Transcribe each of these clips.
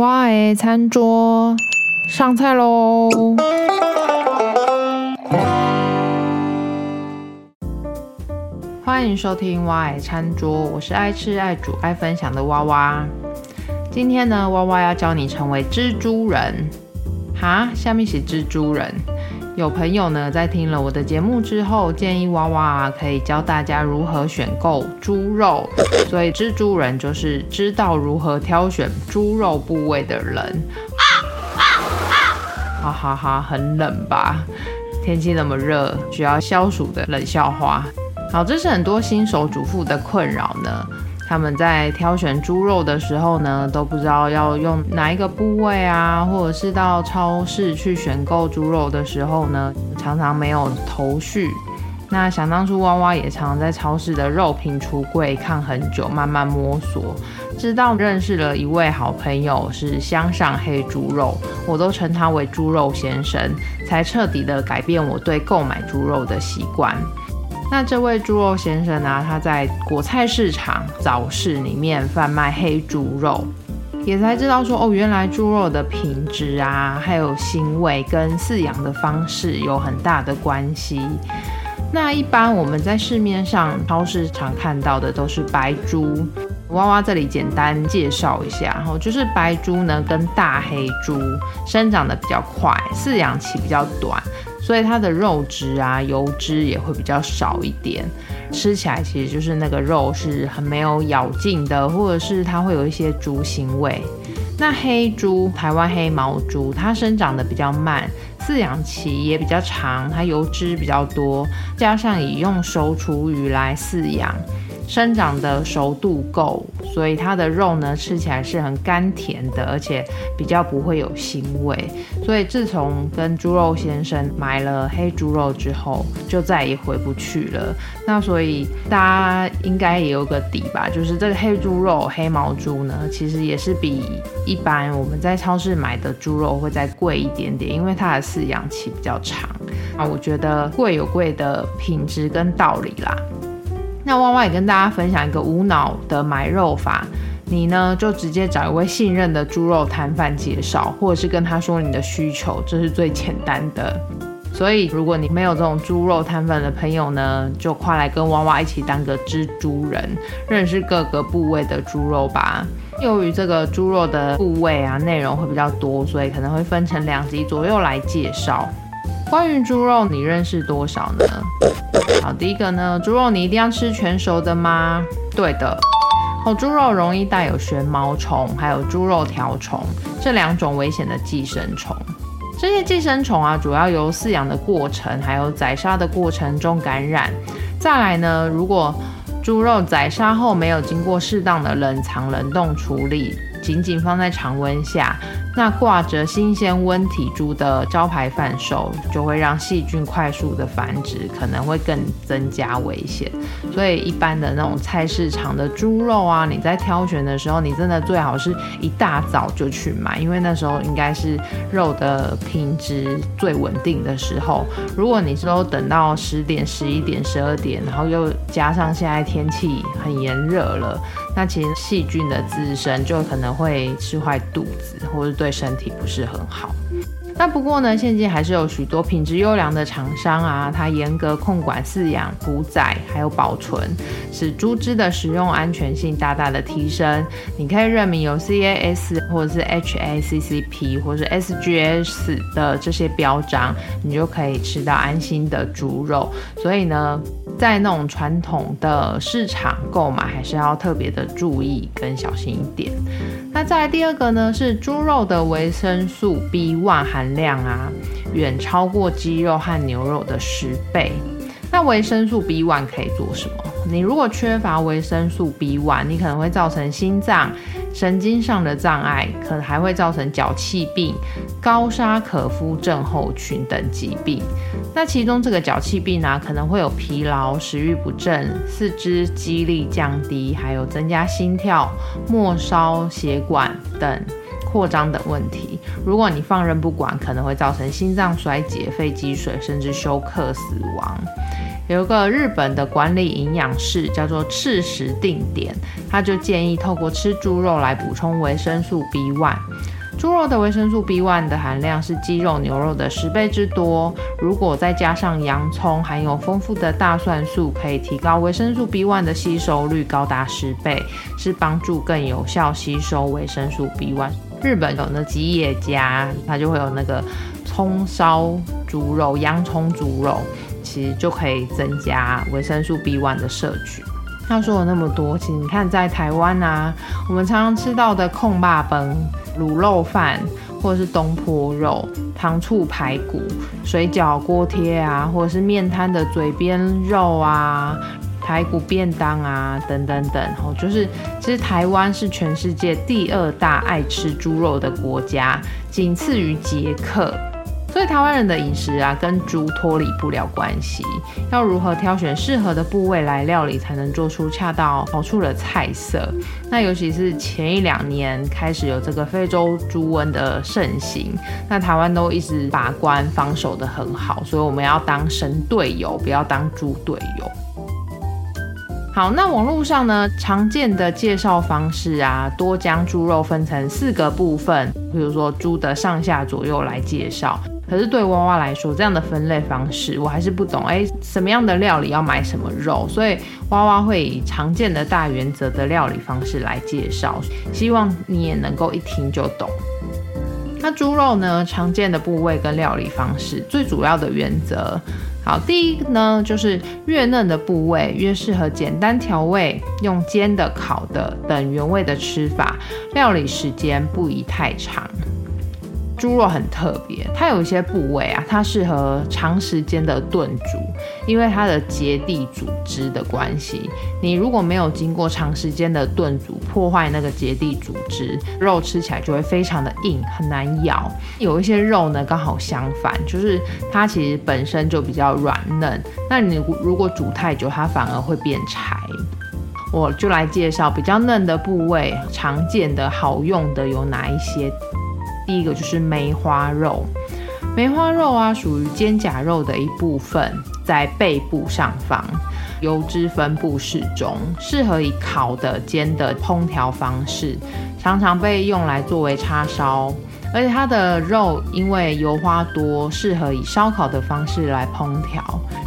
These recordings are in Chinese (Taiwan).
蛙的餐桌，上菜嘍！歡迎收聽蛙的餐桌，我是愛吃、愛煮、愛分享的蛙蛙。今天呢，蛙蛙要教你成為蜘蛛人。哈，下面是蜘蛛人。有朋友呢，在聽了我的節目之後，建議蛙蛙可以教大家如何選購豬肉。所以，蜘蛛人就是知道如何挑選豬肉部位的人。哈、啊啊啊啊、哈哈，很冷吧？天氣那麼熱，需要消暑的冷笑話。好，這是很多新手主婦的困擾呢。他們在挑選豬肉的時候呢，都不知道要用哪一個部位啊，或者是到超市去選購豬肉的時候呢，常常沒有頭緒。那想當初，蛙蛙也常在超市的肉品櫥櫃看很久，慢慢摸索，直到認識了一位好朋友，是香上黑豬肉，我都稱他為豬肉先生，才徹底的改變我對購買豬肉的習慣。那這位豬肉先生呢、啊，他在果菜市場早市裡面販賣黑豬肉，也才知道說哦，原來豬肉的品質啊，還有腥味跟飼養的方式有很大的關係。那一般我們在市面上超市常看到的都是白豬，蛙蛙這裡簡單介紹一下，然後就是白豬呢跟大黑豬生長得比較快，飼養期比較短。所以它的肉質啊，油脂也會比較少一點，吃起來其實就是那個肉是很沒有咬勁的，或者是它會有一些豬腥味。那黑豬，台灣黑毛豬，它生長的比較慢，飼養期也比較長，它油脂比較多，加上以用熟廚餘來飼養。生長的熟度夠，所以它的肉呢，吃起來是很甘甜的，而且比較不會有腥味。所以自從跟豬肉先生買了黑豬肉之後，就再也回不去了。那所以大家應該也有個底吧，就是這個黑豬肉、黑毛豬呢，其實也是比一般我們在超市買的豬肉會再貴一點點，因為它的飼養期比較長。那我覺得貴有貴的品質跟道理啦。那蛙蛙也跟大家分享一個無腦的買肉法，你呢就直接找一位信任的豬肉攤販介紹，或者是跟他說你的需求，這是最簡單的。所以，如果你沒有這種豬肉攤販的朋友呢，就快來跟蛙蛙一起當個蜘蛛人，認識各個部位的豬肉吧。由於這個豬肉的部位啊，內容會比較多，所以可能會分成兩集左右來介紹。關於豬肉，你認識多少呢？好，第一個呢，豬肉你一定要吃全熟的嗎？對的。好，豬肉容易帶有旋毛蟲，還有豬肉條蟲這兩種危險的寄生蟲。這些寄生蟲啊，主要由飼養的過程，還有宰殺的過程中感染。再來呢，如果豬肉宰殺後沒有經過適當的冷藏冷凍處理，僅僅放在常溫下。那掛着新鮮溫體豬的招牌販售，就會讓細菌快速的繁殖，可能會更增加危險。所以一般的那種菜市場的豬肉啊，你在挑選的時候，你真的最好是一大早就去買，因為那時候應該是肉的品質最穩定的時候。如果你都等到十點、十一點、十二點，然後又加上現在天氣很炎熱了。那其實細菌的滋生，就可能會吃壞肚子，或者是對身體不是很好。那不過呢，現今還是有許多品質優良的廠商啊，它嚴格控管飼養、屠宰還有保存，使豬隻的食用安全性大大的提升。你可以認明有 CAS 或者是 HACCP 或者是 SGS 的這些標章，你就可以吃到安心的豬肉。所以呢，在那種傳統的市場購買，還是要特別的注意跟小心一點。那再來第二個呢，是豬肉的維生素 B1 含量啊，遠超過雞肉和牛肉的十倍。那維生素 B1 可以做什麼？你如果缺乏維生素 B1，你可能會造成心臟、神經上的障礙，可能還會造成腳氣病。高沙可夫症候群等疾病，那其中這個腳氣病呢、啊，可能會有疲勞、食欲不振、四肢肌力降低，還有增加心跳、末梢血管等擴張等問題。如果你放任不管，可能會造成心臟衰竭、肺積水，甚至休克死亡。有一個日本的管理營養師叫做赤石定典，他就建議透過吃豬肉來補充維生素 B one。豬肉的維生素 B1 的含量是雞肉、牛肉的十倍之多。如果再加上洋蔥，含有豐富的大蒜素，可以提高維生素 B1 的吸收率，高達十倍，是幫助更有效吸收維生素 B1。日本有那吉野家，它就會有那個蔥燒豬肉、洋蔥豬肉，其實就可以增加維生素 B1 的攝取。他說了那麼多，其實你看，在台灣啊，我們常常吃到的爌肉飯、滷肉飯，或者是東坡肉、糖醋排骨、水餃、鍋貼啊，或者是麵攤的嘴邊肉啊、排骨便當啊，等等等，就是其實台灣是全世界第二大愛吃豬肉的國家，僅次於捷克。所以台灣人的飲食啊，跟豬脫離不了關係。要如何挑選適合的部位來料理，才能做出恰到好處的菜色？那尤其是前一兩年開始有這個非洲豬瘟的盛行，那台灣都一直把關防守得很好。所以我們要當神隊友，不要當豬隊友。好，那網路上呢，常見的介紹方式啊，多將豬肉分成四個部分，比如說豬的上下左右來介紹。可是對蛙蛙來說，這樣的分類方式我還是不懂。誒、欸，什麼樣的料理要買什麼肉？所以蛙蛙會以常見的大原則的料理方式來介紹，希望你也能夠一聽就懂。那豬肉呢？常見的部位跟料理方式，最主要的原則，好，第一個呢就是越嫩的部位越適合簡單調味，用煎的、烤的等原味的吃法，料理時間不宜太長。豬肉很特別，它有一些部位啊，它適合長時間的燉煮，因為它的結締組織的關係。你如果沒有經過長時間的燉煮，破壞那個結締組織，肉吃起來就會非常的硬，很難咬。有一些肉呢，剛好相反，就是它其實本身就比較軟嫩，那你如果煮太久，它反而會變柴。我就來介紹比較嫩的部位，常見的好用的有哪一些？第一個就是梅花肉，梅花肉啊，屬於肩胛肉的一部分，在背部上方，油脂分布適中，適合以烤的、煎的烹調方式，常常被用來作為叉燒。而且它的肉因為油花多，適合以燒烤的方式來烹調，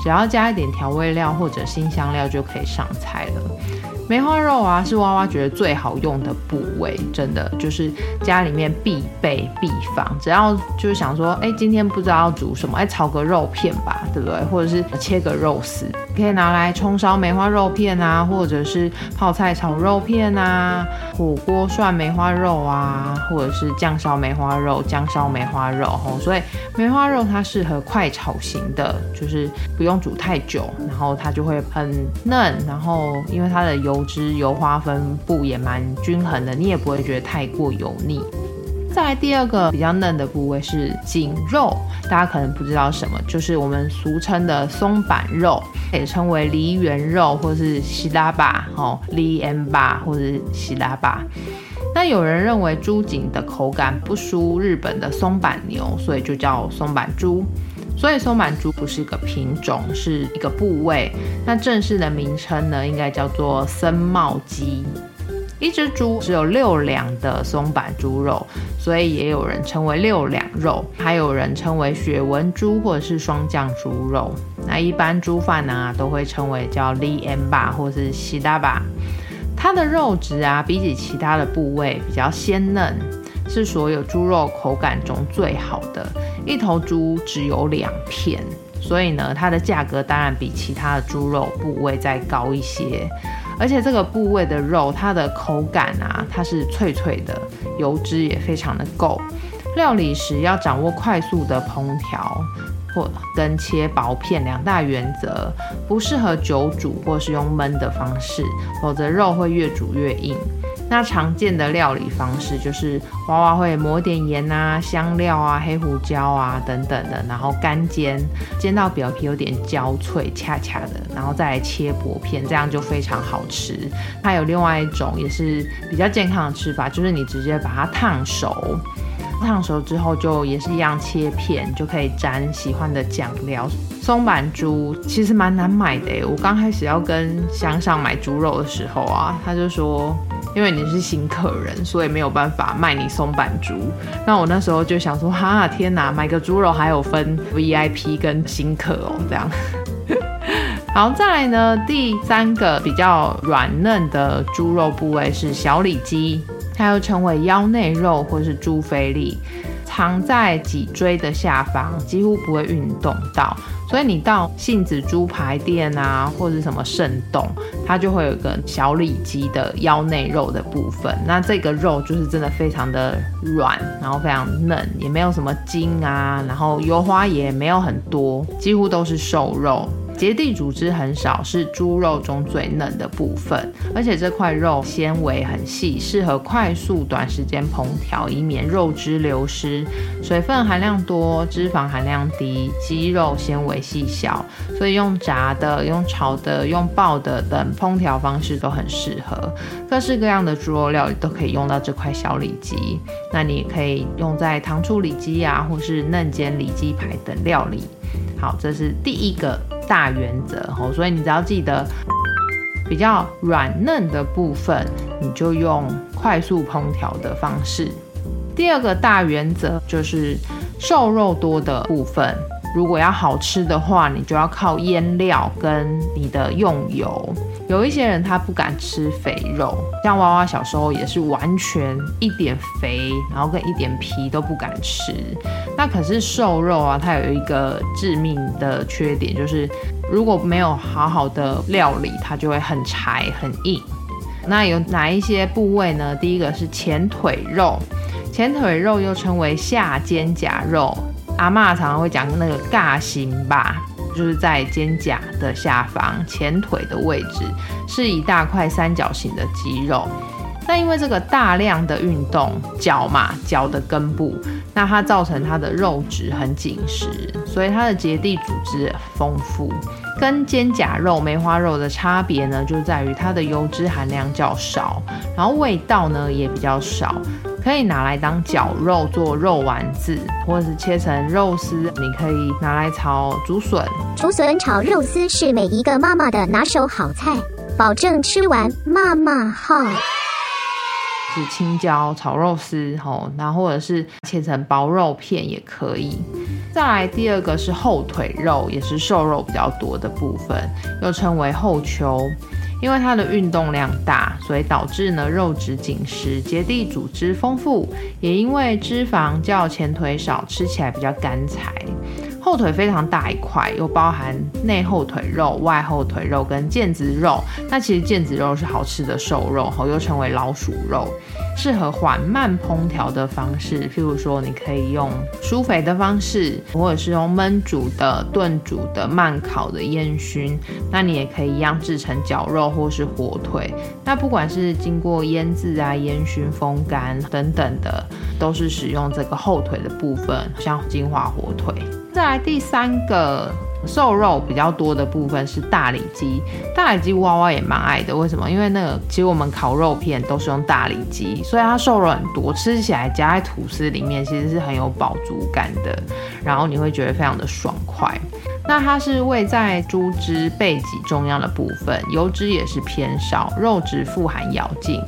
只要加一點調味料或者辛香料就可以上菜了。梅花肉啊，是蛙蛙覺得最好用的部位，欸，真的就是家裡面必備必放。只要就是想說，哎、欸，今天不知道要煮什麼？哎、欸，炒個肉片吧，對不對？或者是切個肉絲。可以拿來蔥燒梅花肉片啊，或者是泡菜炒肉片啊，火鍋涮梅花肉啊，或者是醬燒梅花肉，醬燒梅花肉吼。所以梅花肉它適合快炒型的，就是不用煮太久，然後它就會很嫩。然後因為它的油脂油花分布也蠻均衡的，你也不會覺得太過油膩。再來第二個比較嫩的部位是頸肉，大家可能不知道什麼，就是我們俗稱的松板肉，也稱為離緣肉，或是希拉巴哦，離緣巴，或是希拉巴。那有人認為豬頸的口感不輸日本的松板牛，所以就叫松板豬。所以松板豬不是一個品種，是一個部位。那正式的名稱呢，應該叫做僧帽肌一隻豬只有六兩的松板豬肉，所以也有人稱為六兩肉，還有人稱為雪紋豬或者是霜降豬肉。那一般豬飯呢、啊、都會稱為叫利 a m b 或是西大巴。它的肉質啊，比起其他的部位比較鮮嫩，是所有豬肉口感中最好的。一頭豬只有兩片，所以呢，它的價格當然比其他的豬肉部位再高一些。而且這個部位的肉，它的口感啊，它是脆脆的，油脂也非常的夠。料理時要掌握快速的烹調或跟切薄片兩大原則，不適合久煮或是用燜的方式，否則肉會越煮越硬。那常見的料理方式就是娃娃會抹點鹽啊、香料啊、黑胡椒啊等等的，然後乾煎，煎到表皮有點焦脆，恰恰的，然後再來切薄片，這樣就非常好吃。還有另外一種也是比較健康的吃法，就是你直接把它燙熟，燙熟之後就也是一樣切片，就可以沾喜歡的醬料。松板豬其實蠻難買的，我剛開始要跟鄉上買豬肉的時候啊，他就說。因為你是新客人，所以沒有辦法賣你松板豬。那我那時候就想說，哈天哪，買個豬肉還有分 VIP 跟新客哦，這樣。 好，再來呢，第三個比較軟嫩的豬肉部位是小里脊，它又稱為腰內肉或是豬菲力。藏在脊椎的下方，幾乎不會運動到，所以你到杏子豬排店啊，或者是什麼腎洞，它就會有一個小里肌的腰內肉的部分。那這個肉就是真的非常的軟，然後非常嫩，也沒有什麼筋啊，然後油花也沒有很多，幾乎都是瘦肉。結締組織很少，是豬肉中最嫩的部分，而且這塊肉纖維很細，適合快速短時間烹調，以免肉汁流失。水分含量多，脂肪含量低，肌肉纖維細小，所以用炸的、用炒的、用爆的等烹調方式都很適合。各式各樣的豬肉料理都可以用到這塊小里肌，那你也可以用在糖醋里肌啊，或是嫩煎里肌排等料理。好，這是第一個大原則，所以你只要記得，比較軟嫩的部分，你就用快速烹調的方式。第二個大原則就是瘦肉多的部分，如果要好吃的話，你就要靠醃料跟你的用油。有一些人他不敢吃肥肉，像娃娃小時候也是完全一點肥、然後跟一點皮都不敢吃。那可是瘦肉啊，它有一個致命的缺點，就是如果沒有好好的料理，它就會很柴很硬。那有哪一些部位呢？第一個是前腿肉，前腿肉又稱為下肩胛肉。阿嬤常常會講那個「胛心」吧，就是在肩胛的下方，前腿的位置是一大塊三角形的肌肉。但因為這個大量的運動，腳嘛，腳的根部，那它造成它的肉質很緊實，所以它的結締組織豐富。跟肩胛肉、梅花肉的差別呢，就在於它的油脂含量較少，然後味道呢也比較少，可以拿來當絞肉做肉丸子，或者是切成肉絲，你可以拿來炒竹筍。竹筍炒肉絲是每一個媽媽的拿手好菜，保證吃完媽媽好，青椒炒肉絲，或者是切成薄肉片也可以。再來第二個是後腿肉，也是瘦肉比較多的部分，又稱為後球，因為它的運動量大，所以導致呢肉質緊實，結締組織豐富，也因為脂肪較前腿少，吃起來比較乾柴。後腿非常大一塊，又包含內後腿肉、外後腿肉跟腱子肉。那其實腱子肉是好吃的瘦肉，吼，又稱為老鼠肉，適合緩慢烹調的方式，譬如說你可以用舒肥的方式，或者是用燜煮的、燉煮的、慢烤的、煙燻。那你也可以一樣製成絞肉或是火腿。那不管是經過醃製啊、煙燻、風乾等等的，都是使用這個後腿的部分，像金華火腿。再來第三個瘦肉比較多的部分是大里肌，大里肌娃娃也蠻愛的。為什麼？因為那個其實我們烤肉片都是用大里肌，所以它瘦肉很多，吃起來加在吐司裡面其實是很有飽足感的。然後你會覺得非常的爽快。那它是位在豬隻背脊中央的部分，油脂也是偏少，肉質富含咬勁。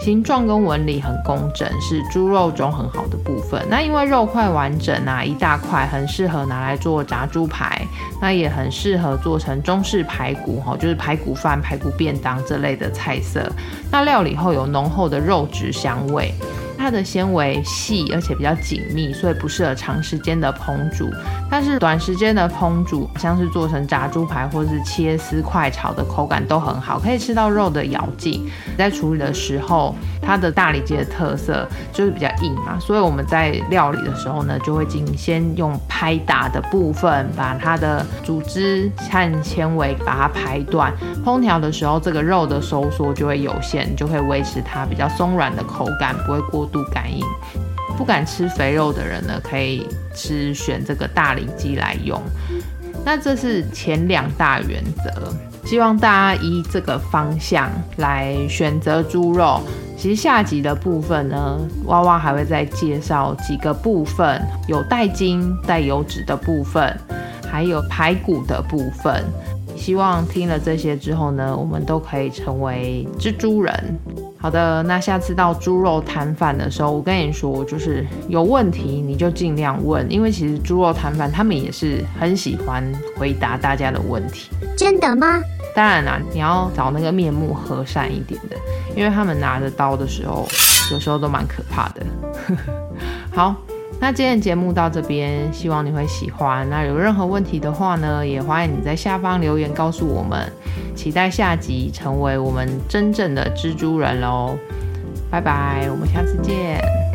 形狀跟紋理很工整，是豬肉中很好的部分。那因為肉塊完整啊，一大塊，很適合拿來做炸豬排，那也很適合做成中式排骨，就是排骨飯、排骨便當這類的菜色。那料理後有濃厚的肉質香味。它的纖維細，而且比較緊密，所以不適合長時間的烹煮。但是短時間的烹煮，像是做成炸豬排或是切絲快炒的口感都很好，可以吃到肉的咬勁。在處理的時候。它的大里肌的特色就是比較硬嘛，所以我們在料理的時候呢，就會先先用拍打的部分把它的組織和纖維把它拍斷。烹調的時候，這個肉的收縮就會有限，就會維持它比較鬆軟的口感，不會過度乾硬。不敢吃肥肉的人呢，可以吃選這個大里肌來用。那這是前兩大原則。希望大家依這個方向來選擇豬肉。其實下集的部分呢，蛙蛙還會再介紹幾個部分，有帶筋、帶油脂的部分，還有排骨的部分。希望聽了這些之後呢，我們都可以成為蜘蛛人。好的，那下次到豬肉攤販的時候，我跟你說，就是有問題你就盡量問，因為其實豬肉攤販他們也是很喜歡回答大家的問題。真的嗎？當然啦，你要找那個面目和善一點的，因為他們拿着刀的時候，有時候都蠻可怕的。 好，那今天節目到這邊，希望你會喜歡。那有任何問題的話呢，也歡迎你在下方留言告訴我們。期待下集成為我們真正的蜘蛛人嘍。拜拜，我們下次見。